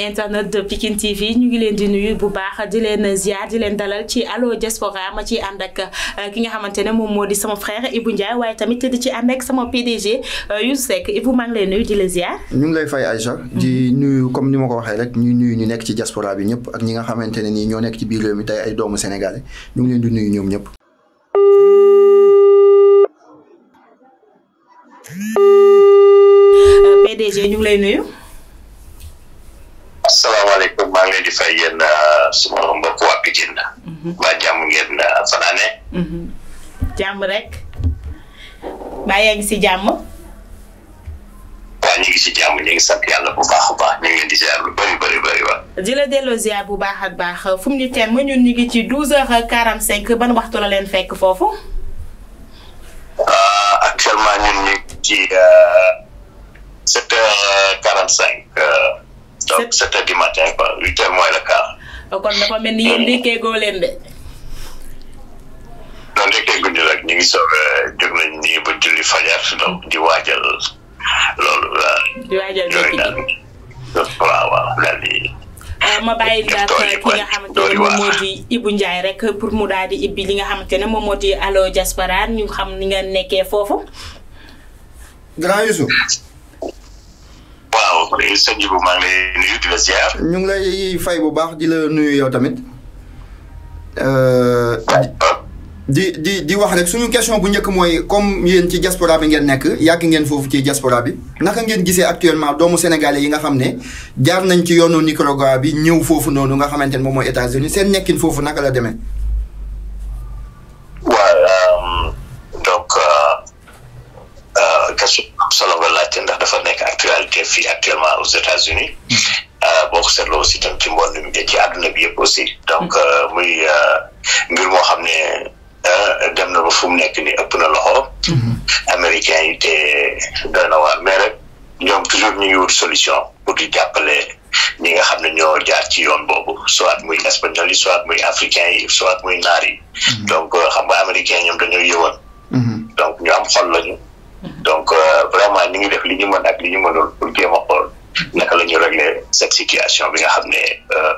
amis internet de Pikine TV ñu ngi leen di nuyu bu baax di leen ziar di leen dalal ci allo diaspora ma ci ànd ak euh, ki nga xamante ne moom moo di sama frère Ibou Ndiaye waaye tamit di ci ànd ak sama PDG euh, Youssou Seck Ibou maa ngi lay nuyu di la ziar. ñu ngi lay fay Aïcha. di mhm. nuyu comme ni ma ko waxee rek ñu nuyu ñu nekk ci diaspora bi ñëpp ak ñi nga xamante ne nii ñoo nekk ci biir réew mi tey ay doomu sénégalais ñu ngi leen di nuyu ñoom ñëpp. Euh, PDG ñu ngi lay nuyu. waaye di fay yéen euh, suma mbokk waa Pikine la. Mhm. waa jàmm ngeen euh, fanaane. Mhm. jàmm rek. mbaa yaa ngi si jàmm. waaw ñu ngi si jàmm ñu ngi sant yàlla bu baax a baax ñu ngi leen di ziar lu bëri bëri bëri waaw. delloo ziar bu baax ak baax fu mu teen ma ñu ngi ci douze heures quarante cinq ban waxtu la leen fekk foofu. Euh, actuellement ñu ngi ci sept heures quarante cinq. donc sept du matin quoi huit heures moins le quart kon dafa mel ni yéen ndékkeegoo leen de non ndékkeeguñ rek julli fajar donc di waajal loolu di waajal yooyu daal waaw waaw daal di ma bàyyi daal ki nga xamante ne moom moo di rek pour mu li nga allo ñu xam ni nga grand waaw sëñ ngi lay ñu ngi lay fay bu baax di la nuyu yow tamit. Euh, di di di wax rek suñu question bu njëkk mooy comme yéen ci diaspora bi ngeen nekk yàgg ngeen foofu ci diaspora bi naka ngeen gisee actuellement doomu sénégalais yi nga xam ne jaar nañ ci yoonu Nicaragua bi ñëw foofu noonu nga xamante ne moom mooy États-Unis seen nekkin foofu naka la deme États-Unis euh, boo ko seetloo aussi tam ci mbool mi ci àdduna bi yëpp aussi donc euh, muy euh, mbir moo xam ne dem na ba fu mu nekk ni ëpp na loxo mhm. américains yi te doy na waar mais rek ñoom toujours ñu ngi wut solution pour di jàppale ñi nga xam ne ñoo jaar ci yoon boobu soit muy espagnol yi soit muy africain yi soit muy naar yi mhm. donc xam nga américains ñoom dañoo yëwoon mhm. donc ñu am xol lañu donc vraiment ñu ngi def li ñu mën ak li ñu mënul pour jéem xool naka la ñu régler cette situation bi nga xam ne euh,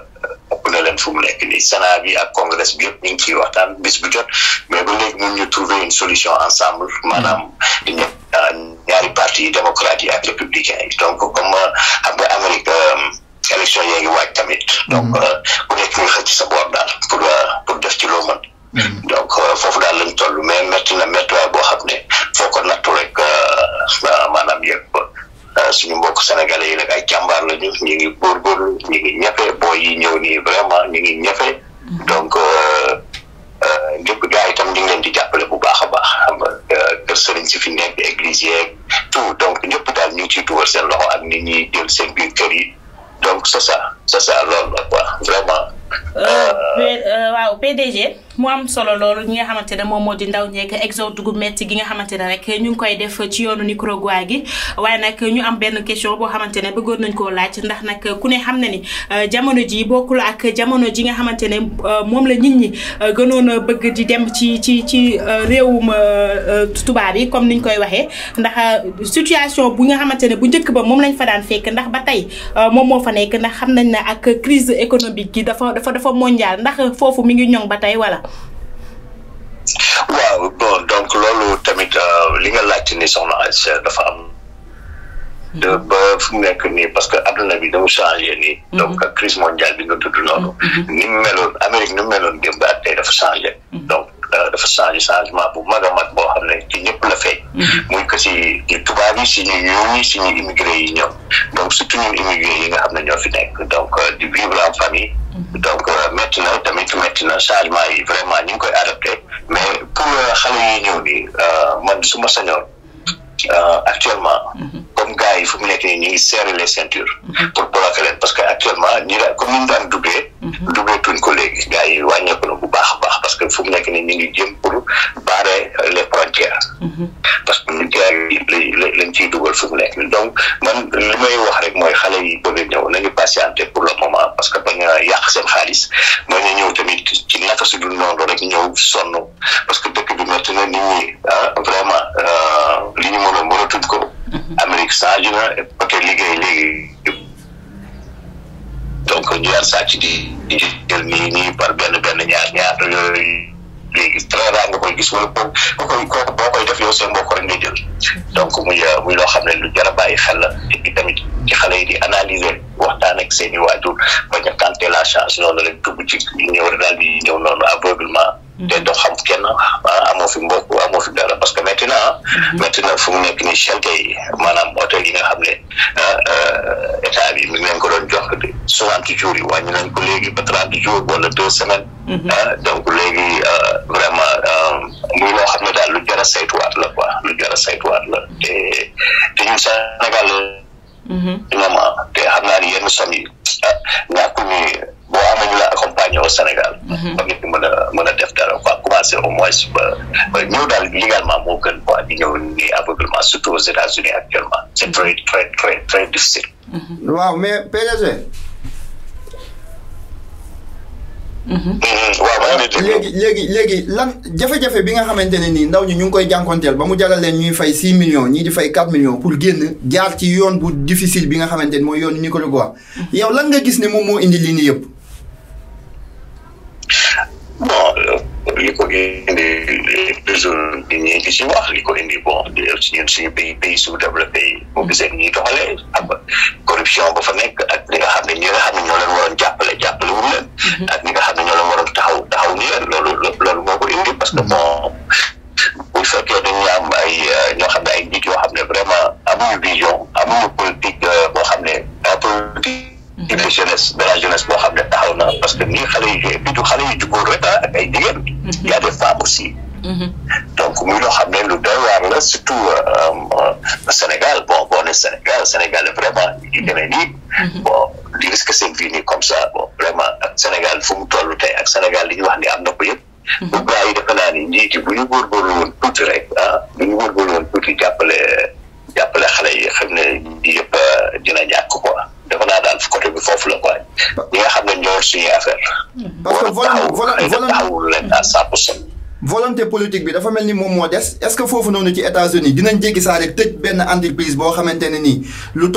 ëpp na leen fu mu nekk nii Sénat bi ak congrès bi yëpp ñu ngi ciy waxtaan bu jot mais ba léegi mun ñu trouver une solution ensemble maanaam ñaari parti démocrate yi ak républicain yi donc comme euh, xam nga Amérique euh, élection yaa waaj tamit donc mm-hmm. ku nekk nga xëcc pour pour def ci loo mën mm-hmm. donc foofu daal lañ tol mais métti na méttiwaay boo xam ne foo ko nattu rek maanaam yëpp suñu mbokk sénégalais yi nag ay càmbaar lañu ñu ngi góorgóorlu ñu ngi ñafe boy yi ñëw nii vraiment ñu ngi ñafe donc ñëpp gars itam ñu ngi leen di jàppale bu baax a baax xam nga kër sëriñ si fi nekk église yeeg tout donc ñëpp daal ñu ngi ciy duwar seen loxo ak nit ñi jël seen biir kër yi donc c' est ça c' est ça loolu la quoi vraiment. waaw PDG. mu am solo loolu ñi nga xamante ne moom moo di ndaw ñeek exode gu métti gi nga xamante ne rek ñu ngi koy def ci yoonu Nicaragua gi waaye nag ñu am benn question boo xamante ne bëggoon nañ koo laaj ndax nag ku ne xam na ni euh, jamono ji bokkul ak jamono ji nga xamante ne euh, moom la nit ñi euh, gënoon a bëgg di dem ci ci ci réewum tubaab yi comme niñ koy waxee ndax situation bu nga xamante ne bu njëkk ba moom lañ fa daan fekk ndax ba tey moom moo fa nekk ndax xam nañ ne ak crise économique gi dafa dafa dafa mondial ndax foofu mi ngi ñoŋ ba tey wala waaw bon donc loolu tamit euh, li nga laajte ni soxna Aïcha dafa am. de mhm. ba nekk nii parce que adduna bi dafa changé nii. Mhm. donc ak crise mondiale bi nga tudd noonu. Mhm. ni mu meloon Amérique ni mu meloon démb ak tey dafa Euh, dafa changé changement bu mag a boo xam ne ci ñëpp la feeñ. Mm-hmm. muy que si tubaab yi si ñu yow yi si ñu immigré yi ñoom donc surtout ñun immigré yi nga xam ne ñoo fi nekk donc euh, di vivre en famille. Mm-hmm. donc euh, métti na tamit métti na changement yi vraiment ñu ngi koy adapté mais pour xale yi ñëw nii man su ma sañoon actuellement. Mm-hmm. gars yi fu mu nekk ni ñu ngi serrer les ceintures. pour bloquer leen parce que actuellement ni la comme ni mu daan doublé. duggee tuñ ko léegi gars yi wàññeeku na bu baax a baax parce que fu mu nekk ni ñu ngi jëm pour barrer les frontières. parce que ñu gars yi lañ ciy dugal fu mu nekk nii donc man li may wax rek mooy xale yi bëgg a ñëw nañu patienter pour le moment parce que bañ a yàq seen xaalis bañ ñu ñëw tamit ci naka si du noonu rek ñëw sonn parce que dëkk bi métti na nit ñi ah vraiment li ñu mën a mënatuñ ko. Amerika saja, na e liga liggéey Jom donc ñu di di jël nii par benn benn ñaar ñaar yooyu léegi très rare nga koy gis wala boo ko ko boo koy def yow seen mbokk rek nga jël donc muy muy loo xam ne lu jar a bàyyi xel la et tamit ci xale yi di analyser waxtaan ak seen tenter la chance ci rek Mm-hmm. te doo xam kenn ah, amoo fi mbokk amoo fi parce que métti na ah. métti mm-hmm. na fu mu nekk yi maanaam hôtel yi nga ne ah, ah, état bi mi ngi leen ko doon jox yi wàññi nañ ko léegi ba trente jours wala deux semaines. Mm-hmm. donc léegi vraiment muy loo xam ne daal lu jar a saytuwaat la quoi lu jar a saytuwaat la te te ñun Sénégal. vraiment te xam naa ni yenn somme accompagner au Sénégal. ba nit ñi mën a mën a def dara quoi commencé au moins ba ba ñëw légalement moo gën quoi di ñëw nii aveuglement surtout aux États-Unis actuellement c' est très très très très difficile. waaw mais PDG. waaw léegi léegi lan jafe-jafe bi nga xamante ne ndaw ñi ñu ngi koy jànkonteel ba mu jaral leen ñuy fay 6 millions ñii di fay 4 millions pour génn jaar ci yoon bu difficile bi nga yow lan nga gis ne moom moo indi yëpp. li ko indi toujours di ñuy di si wax li ko indi bon ñun suñu pays pays sous-développé yi bu gisee ñuy doxalee xam nga corruption ba fa nekk ak li nga xam ne ñi nga xam ne ñoo leen waroon jàppale jàppale wu leen mm-hmm. ak ñi nga xam ne ñoo leen waroon taxaw taxaw ñu leen loolu loolu moo ko indi parce que bon bu fekkee dañu am ay euh, ñoo xam ne ay nit yoo xam ne vraiment amuñu vision amuñu politique euh, boo xam ne la politique de mm-hmm. jeunesse de la jeunesse boo xam ne taxaw na parce que nii xale yu bi du xale yu jugóor rek ah. Sénégal fu mu toll tey ak Sénégal li ñu wax ni am na ko bu mhm. gaa yi defe naa ni njiit yi bu ñu góorgóorlu woon tuuti rek ah bu ñu góorgóorlu woon tuuti jàppale jàppale xale yi xam ne yëpp ah, dina ñàkk quoi defe naa daal côté bi foofu la quoi ñi nga xam ne ñoo suñu affaire mhm. parce que volontaire volontaire taxawul leen à cent volonté politique bi dafa mel ni moom est-ce que foofu noonu ci États-Unis dinañ jéggi saa rek tëj benn entreprise boo xamante ne lu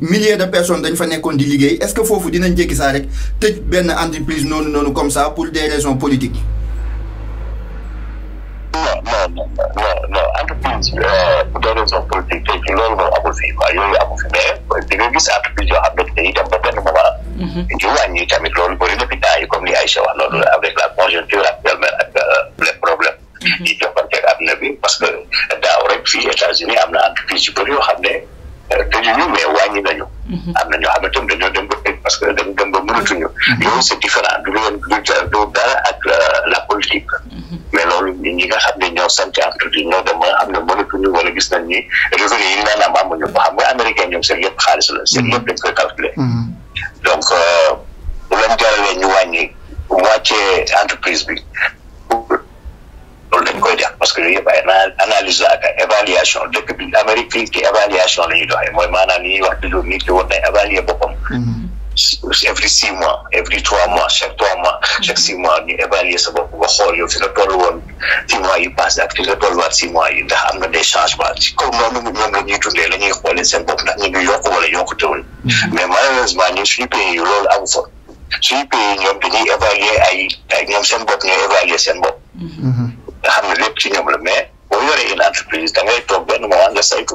milliers de personnes dañ fa nekkoon di est-ce que foofu dinañ jéggi saa rek entreprise comme ça pour des raisons politiques. non non non non non entreprise euh, pour des raisons politiques non non non non non non non non non non non non non gis non non non non non non ba non non non non tamit non non non non comme non Aïcha non seen yëpp dañ koy calculer mm-hmm. donc euh, bu leen jaralee ñu wàññi moitié entreprise bi loolu dañ koy def parce que yooyu yëpp ay analyse la ak évaluation dëkk bi Amérique fii ci évaluation la ñuy doxee mooy maanaam li ñuy wax toujours nit ki war na évaluer boppam mm-hmm. every six mois every trois mois chaque trois mois mm-hmm. chaque six mois ñu évaluer sa bopp nga xool yow fi nga toll woon six mois yi passé ak fi nga toll waat six mois yi ndax am na des changements ci comme noonu ñoom la ñuy dundee la ñuy xoolee seen bopp ndax ñu ngi yokk wala yokkutewul mm-hmm. mais malheureusement ñun suñu pays yi loolu amu fa suñu pays ñoom dañuy évaluer ay ay ñoom seen bopp ñooy évaluer seen bopp mm-hmm. nga xam ne lépp ci ñoom la mais boo yoree une entreprise da ngay toog benn moment nga saytu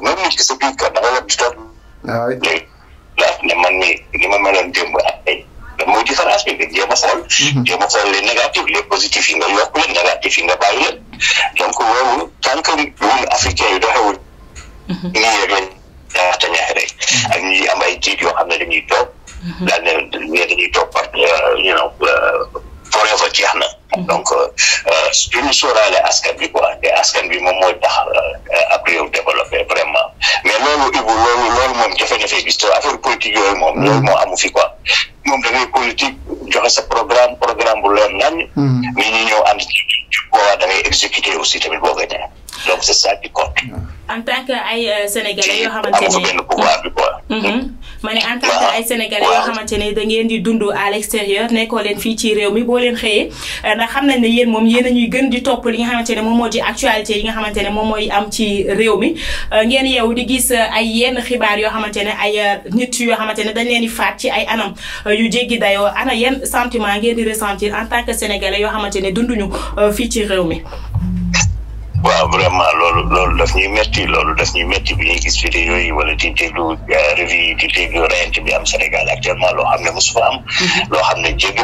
laaj ne man mii li ma meloon démb ak tey lan mooy différence bi nga jéem a xool. Mhm. jéem a xool les négatifs les positifs yi nga yokk leen négatifs yi nga bàyyi leen donc loolu tant que ñun africain yi doxewul. nii mhm. rek lañ ñaata ñaax rek. ak ñi am ay jiit yoo xam ne dañuy toog. Mhm. daal ne dañuy toog euh, euh, forever jeex na mm-hmm. donc euh, euh, duñu sóoraale askan bi quoi te askan bi moom mooy tax euh, ab réew développé vraiment mais loolu Ibou loolu loolu moom jafe-jafe gis te affaire politique yooyu moom loolu moo amu fi quoi moom da ngay joxe sa programme programme bu leer nañ mm-hmm. nit ñi ñëw ànd ci boobaa da ngay exécuter aussi tamit boo donc c'est ça qui compte mm-hmm. benn pouvoir bi ma ne en tant que ay sénégalais yoo xamante ne da ngeen di dund à l'extérieur nekkoo leen fii ci réew mi boo leen xëyee euh, ndax xam nañ ne yéen moom yéen a ñuy gën di topp li nga xamante ne moom moo di actualité yi nga ne moom mooy am ci réew mi euh, ngeen yeewu di gis euh, ay yenn xibaar yoo xamante ne ay nit yoo xamante ne dañ leen di faat ci ay anam yu jéggi dayoo ana yenn sentiment ngeen di ressentir en tant que sénégalais yoo xamante ne dunduñu fii ci réew mi waaw vraiment loolu loolu daf metti loolu daf ñuy métti bi ñuy gis yooyu wala di déglu euh, revue yi ci déglu rent bi am Sénégal actuellement loo xam ne mosu fa mhm. loo xam ne jéggi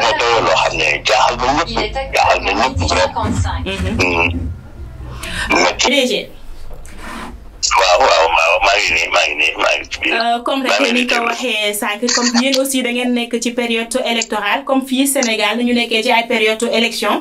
loo xam ne jaaxal na ñëpp jaaxal na ñëpp mhm. Mhm. waaw waaw waaw maa nii maa ngi nii maa ngi ci biir. Euh, comme comme yéen aussi da ngeen nekk ci période électorale comme fii Sénégal ñu nekkee ci ay période élection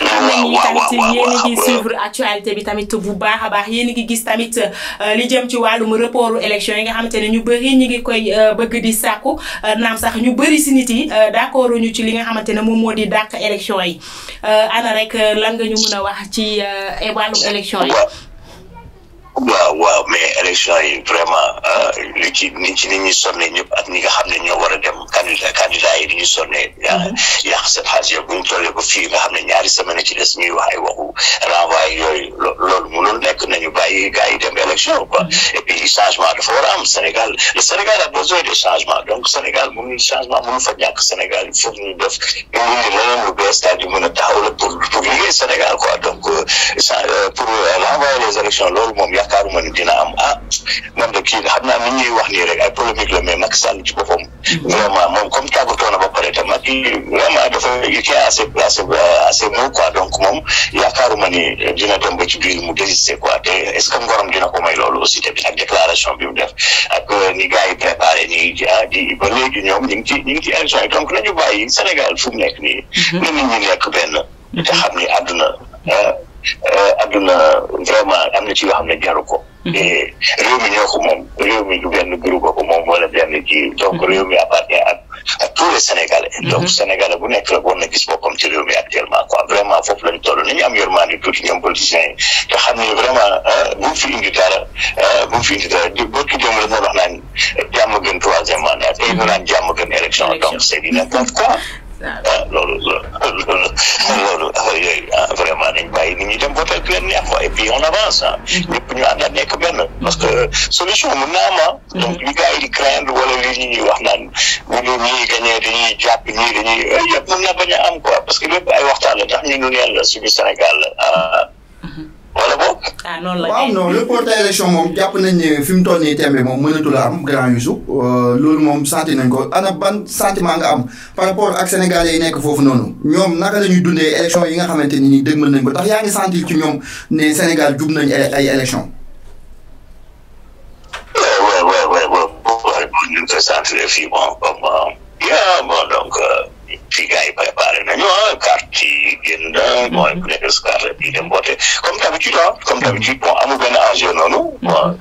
waaw waaw waaw yéen a ngi suivre actualité bi tamit bu baax a baax yéen a ngi gis tamit euh, li jëm ci wàllum report élection yi nga xamante ne ñu bëri ñu ngi koy euh, bëgg di sàkku euh, naam sax ñu bëri si nit yi d'accord ñu ci li nga xamante ne moom moo di dàq élection yi ana rek lan nga ñu mun a wax ci wàllum élection yi. waaw waaw mais élection yi vraiment euh, li ci ni ci ni ñuy sonne ñëpp ak ñi xam ne ñoo war a dem candidat candidat yi di ñu sonne yàq mhm. seen xaalis yooyu bu ñu ko fii nga xam ne ñaari semaine ci des ñuy wax ay waxu renvoyé yooyu loolu mënul nekk nañu bàyyi gars yi dem élection quoi mhm. et puis changement dafa war a am Sénégal le Sénégal a besoin de changement donc Sénégal mënul changement mënul fa ñàkk Sénégal il faut ñu def ñu indi leneen lu bees daal di mën a taxaw la pour pour liggéey Sénégal quoi donc euh, euh, pour renvoyer les élections loolu moom yàq yaakaaruma ni dina am ah man de kii xam naa ni ñuy wax nii rek ay polémique la mais Macky Sall ci boppam. vraiment moom comme tàggatoo na ba pare te Macky vraiment dafa il tient à ses à donc moom yaakaaruma ni dina dem ba ci biir mu désister quoi te est ce que ngorom dina ko may aussi tamit ak déclaration bi mu def ak euh, ni gars yi préparé nii ah di ba léegi ñoom ngi ci ñu ngi ci élection yi donc nañu bàyyi Sénégal fu mu nekk nii. Mhm. na nit ñi nekk benn. Mhm. te xam ni àdduna. Euh, Euh, adduna vraiment am na ci yoo xam ne jaru ko. Mhm. réew mi ñoo ko moom réew mi du wala benn kii donc mhm. réew mi appartient ak ak tous les sénégalais. Mhm. donc sénégalais bu nekk rek war na gis boppam ci réew mi actuellement quoi vraiment foofu lañ toll nañu am yërmande tuuti ñoom politiciens yi te xam ne vraiment bu mu fi indi dara bu mu fi indi dara di bokk jom rek moo wax naan jàmm gën troisième mandat tey ñu naan jàmm gën élection loolu loolu loolu vraiment nañ bàyyi nit ñi dem voté ak leen neex quoi et puis on avance ah. ñëpp ñu àndaat nekk benn. parce que solution mun naa am donc li gars yi di craindre wala li ñuy wax naan bu ñu ñuy gagné dañuy jàpp ñii dañuy yëpp mun na bañ a am quoi parce que lépp ay waxtaan la ndax ñu nu neen Sénégal la. ah noonu la waaw non reporté élection moom jàpp nañ ne fi mu toll nii tembe moom mënatul a am grand Youssou loolu moom senti nañ ko ana ban sentiment nga am par rapport ak sénégalais yi nekk foofu noonu ñoom naka la ñuy dundee yi nga xamante ni nii dëgmal nañ ko tax yaa ngi sentir ci ñoom ne Sénégal jub nañ ay élection waaw waaw waaw waaw ñu ngi koy sentir fii bon comme bon bon ku nekk scolaire bi dem boote comme d'habitude ah comme d'habitude bon amul benn enjeu noonu mm-hmm. bon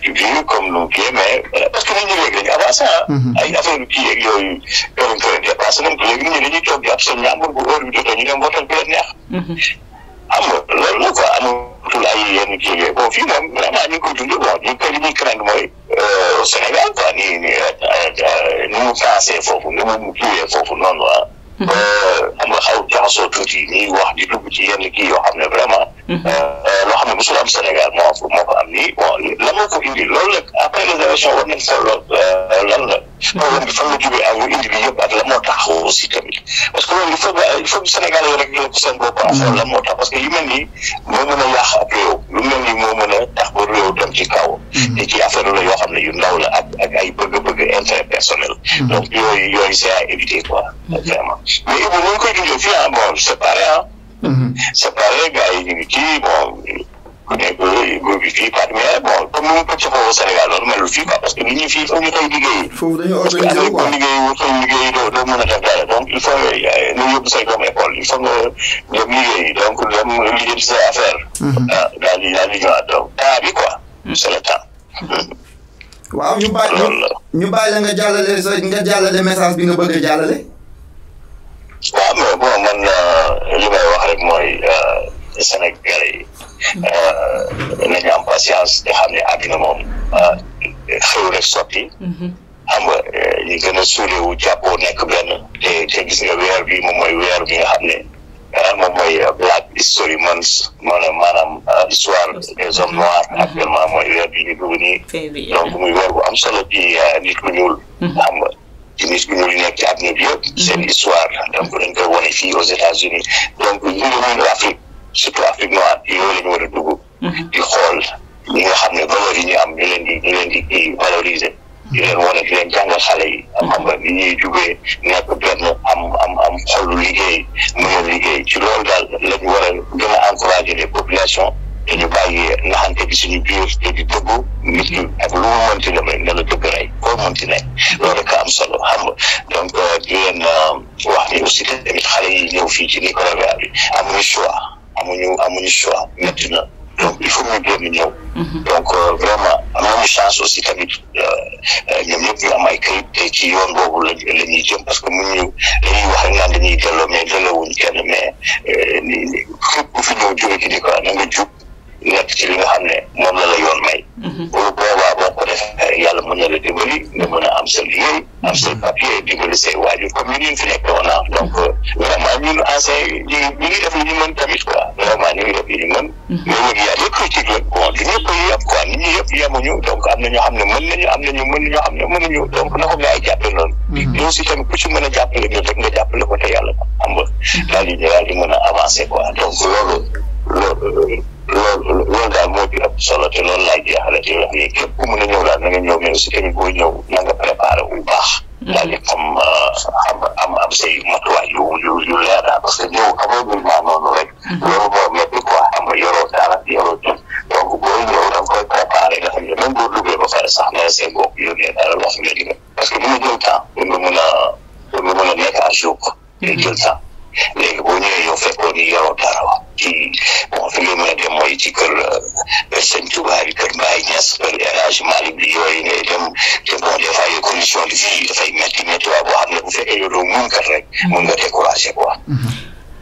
du comme nu kii mais euh, parce que nit ñi léegi dañu avancé ah ay affaire kii yeeg yooyu yoruñ ko dépassé nañ ko léegi nit ñi dañuy toog di ab seen ñaambur bu heure bi jotee ñu dem leen neex xam nga loolu la quoi amatul ay yenn kii yooyu bon fii moom vraiment ñu ngi koy dund bon ñu koy li mu pensé foofu ni mu kiiwee foofu noonu ah ba xam nga xaw jaxasoo tuuti ñuy wax di dugg ci yenn kii yoo xam ne vraiment. Mhm. Euh, loo xam ne mosul am Sénégal moo moo ko am nii bon la moo ko indi loolu nag après les élections war nañ seetlu lool euh, lan la. problème bi fan la jógee ak lu indi bi yëpp ak la moo tax aussi tamit parce que loolu il faut il faut Sénégal yi rek ko seen la moo tax parce que yu mel nii moo mën a yàq ab réew lu mel nii a tax ba kaw te mm-hmm. ci affaire la yoo xam ne yu ndaw ak ay bëgg-bëgg intérêt personnel mm-hmm. donc yooyu yooyu c'est à éviter quoi mm-hmm. vraiment mais Ibou ñu ngi koy dundee fii ah bon c'est pareil ah c'est pareil gars yi ñu ngi mu nekk mu ngi fii quoi mais bon comme ni mu ko cofoo Sénégal loolu melul fii quoi parce que nit ñi fii foog ñu koy liggéeyi. foofu dañoo organisé wu quoi doo doo mën a def euh, liggéey sa affaire. Mhm. ah daal di daal di ñëwaat donc temps bi quoi. Mhm. le temps. waaw ñu bàyyi ñu bàyyi la nga jàllale sa nga jàllale message bi nga bëgg a jàllale. waaw mais man euh, li may wax rek mooy euh, Sénégalais Euh, nañu am patience te xam ne àddina moom euh, xëw rek sotti. Mhm. xam nga ñu euh, gën a suulewu jàppoo nekk benn te te gis nga weer bi moom mooy weer bi nga xam ne moom mooy Black History Month maanaam histoire des hommes noirs mhm. actuellement mooy weer bi ñu dugg donc muy weer am solo ci nit ku mhm. xam nga ci nit histoire donc dañ koy wane fii aux États-Unis donc ñu ngi mën surtout Afrique noire yooyu la ñu war a mhm. di xool ñi nga xam ne valeur yi ñu am ñu leen di ñu leen di di valoriser. di leen wane di leen jàngal xale yi. am xam nga ni ñuy jugee nekk benn am am am xolu liggéey mënul liggéey ci loolu daal la ñu war a gën a encourager les populations. te ñu bàyyi naxante bi te di dëggu ak lu mu mënti demee la dëgg rey koo mënti donc euh, di leen euh, wax ni aussi tamit xale yi ñëw fii ci Nicaragua bi amuñu choix. amuñu amuñu choix métti donc il faut ñu génn ñëw. Mhm. donc euh, vraiment amuñu chance aussi tamit euh, euh, ñoom ñëpp ñu am ay këyit te ci yoon boobu la la ñuy parce que mu ñu dañuy wax rek naan dañuy delloo mais delloowuñ kenn mais ni ni képp ku fi ñëw jóge ci di ko na nga jub nekk ci li nga xam a moom la la yoon may. bu boo ko defee yàlla mën na la dimbali nga mën a am sa liggéey am sa papier dimbali say waajur comme ni ñu fi ah. donc mm-hmm. vraiment ñun enseignants yi ñu ngi def li ñu mën tamit quoi vraiment ñu ngi def li ñu mën mm-hmm. mais wëgi yaa yëpp critique la bon du ñëpp a yëpp quoi donc am na ñoo xam ne mën nañu am nañu mën nañoo xam ne mënuñu donc na ko gars yi jàppale noonu yow mm-hmm. si tamit ku ci mën a jàppale ñu nga jàppale ko te yàlla am ba daal di daal a avancer quoi donc loolu loolu bi képp ku mën a ñëw daal na nga ñëw mais aussi tamit boo ñëw na nga préparé bu baax. Mm-hmm. daal di xam euh, am am say matuwaay yu yu yu leer daal parce que ñëw ameewul noonu rek. Mm-hmm. mun nga découragé quoi. Mm-hmm.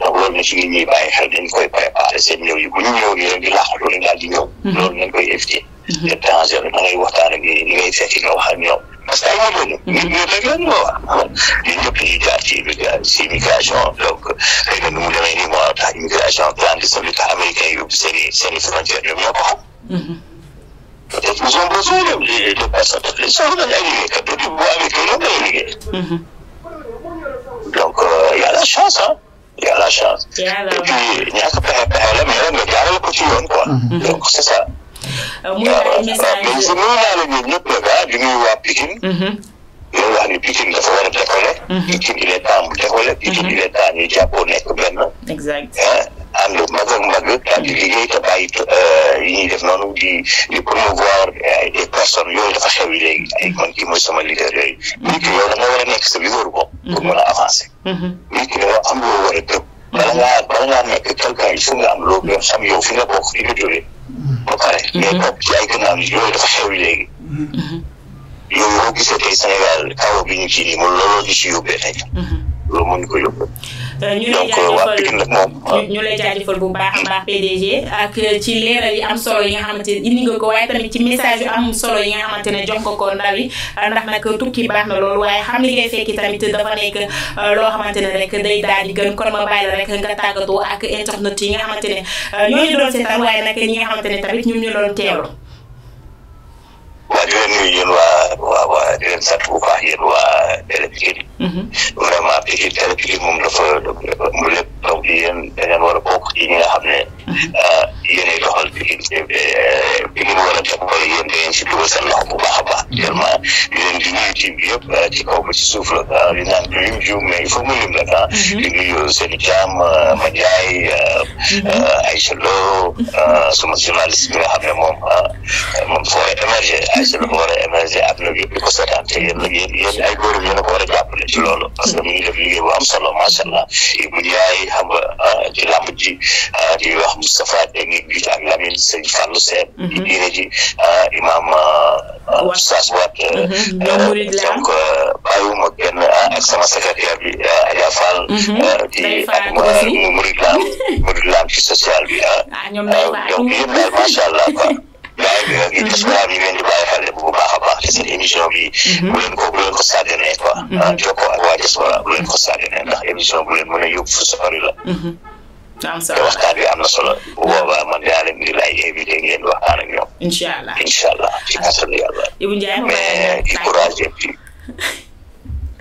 donc loolu nag si nit ñi bàyyi xel dañ koy préparé seen ñëw yi bu ñu ñëw nii rek di laaxatu rek daal di ñëw. Mm-hmm. loolu ngeen koy éviter. Mm-hmm. te danger da ngay waxtaan ak ñi ngay fekk nga wax ak ñoom. parce que ay moom lañu. nit ñi rek lañ moo wax. ñun ñëpp ñu jaar ci ci immigration donc xëy na nu mu demee nii moo tax immigration clandestine bi tax américain yi yóbbu seen i seen i frontière ñoom ñoo ko xam. peut être ils ont besoin de personnes daf leen soxla ay liggéeykat bu amee kër ñoom lay liggéey. donc euh, y a la chance ah y a la chance. yàlla et puis ñàkk pexe pexe la mais nga jaarale ko ci yoon quoi. Mm-hmm. Mm-hmm. donc c'est ça. muy ay messages la gars di waa Pikine. loolu wax ni Pikine dafa war a décoller. Pikine il est temps mu décoller. Pikine il est mm-hmm. exact. ànd mag ak mag daal di liggéey te bàyyi euh, yi ñuy def noonu di di promouvoir ay euh, personnes yooyu dafa xew yi léegi ay man kii mooy sama leader yooyu nit ki yow da nga war a sa leader bopp a mm-hmm. ki da nga am loo war a gëm bala ngaa am loo gëm xam yow fi nga bokk fi nga jógee pare mais mm-hmm. topp ci ay gannaaw yooyu dafa xew yi léegi mm-hmm. yooyu boo gisee tey Sénégal kaw bi ñu ci nii mu looloo si yóbbee tey loolu moo ñu ko yóbbee donc waa Pikine nag moom ñu lay jaajëfal bu baax a baax PDG ak ci leeral am solo yi nga xamante ne indi nga ko waaye tamit ci message am solo yi nga xamante ne jox nga ko ndaw ndax nag tukki baax na loolu waaye xam li ngay fekki tamit dafa nekk euh, loo xamante ne rek day daal di gën kon ma bàyyi la rek nga tàggatoo ak internet yi nga xamante ne euh, ñooñu doon seetaan waaye ñi nga xamante ne tamit ñun ñu doon teelu waa di leen nuyu di leen sant bu baax a waa Télé Pikine mhm. vraiment Pikine Télé Pikine moom dafa lépp donc yéen da ngeen war a bokk ci ñi yéenay doxal diggante bi ngeen war a teg mooy yéen da ngeen loxo bu baax a baax. vraiment yéen di nuyu team bi yëpp ah, ci kaw ba ci suuf la ah di naan lim juum mais il faut mu lim la ah. Mhm. di nuyu i jaam ma jaay Aïcha Lo ah, suma journaliste bi nga xam ne moom ah, moom foo war a émerger mhm. Aïcha a émerger ak nag yëpp di ko seetaan te yéen yéen yéen ay góoram yéen a ko war a jàppale ci loolu. parce que mu ngi def liggéey bu am solo macha allah Ibou Ndiaye xam nga di wax. Cheikh Moustapha dégg nga bii ak Lamine sëñ Fallou Seck. di diine ji imaam. Oustaz Wat donc bàyyiwuma kenn ak sama secrétaire bi Adja Fall. di ak Murid Lam Murid Lam ci bi ah. donc yëpp daal macha allah quoi. gaa yi di bàyyi xel bu baax a baax te seen émission bi bu ko bu leen ko sàgganee quoi jokkoo ak waa diaspora bu leen ko sàgganee ndax émission bu leen mën a yóbbu fu sori am solo te waxtaan bi am na solo. bu ah. boobaa man daa leen di laaj invité ngeen waxtaan ak ñoom. incha allah incha allah ci kàttanu yàlla. mais encouragé bi.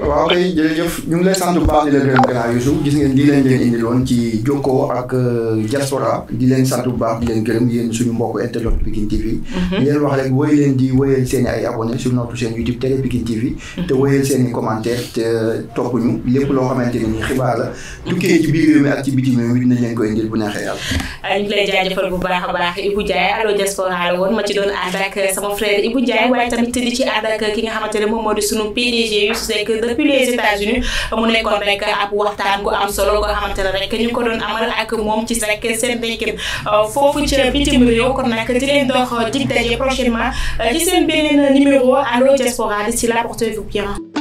waaw kay jërëjëf ñu ngi lay sant bu baax di la gërëm Grand Youssou gis ngeen di leen leen indiloon ci jokkoo ak euh, diaspora di leen sant bu baax di leen gërëm yéen suñu mbokk internet Pikine TV mhm. di leen wax rek wooy leen di wooyal seen ay abonné sur notre chaîne YouTube Télé Pikine TV mhm. te wooyal seen i commentaire te euh, topp ñu lépp loo xamante ne ni xibaar la tukkee ci biir réew mi ak ci bitim réew mi dinañ leen koy indil bu neexee yàlla ñu ngi lay jaajëfal bu baax a baax Ibou depuis les États-Unis mu nekkoon rek ab waxtaan gu am solo nga xamante ne rek ñu ko doon amal ak moom ci rek seen béykat euh, foofu ci bitim réew kon nag di dox dig daje prochainement euh, ci seen beneen numéro Allo Diaspora d'ici là portez-vous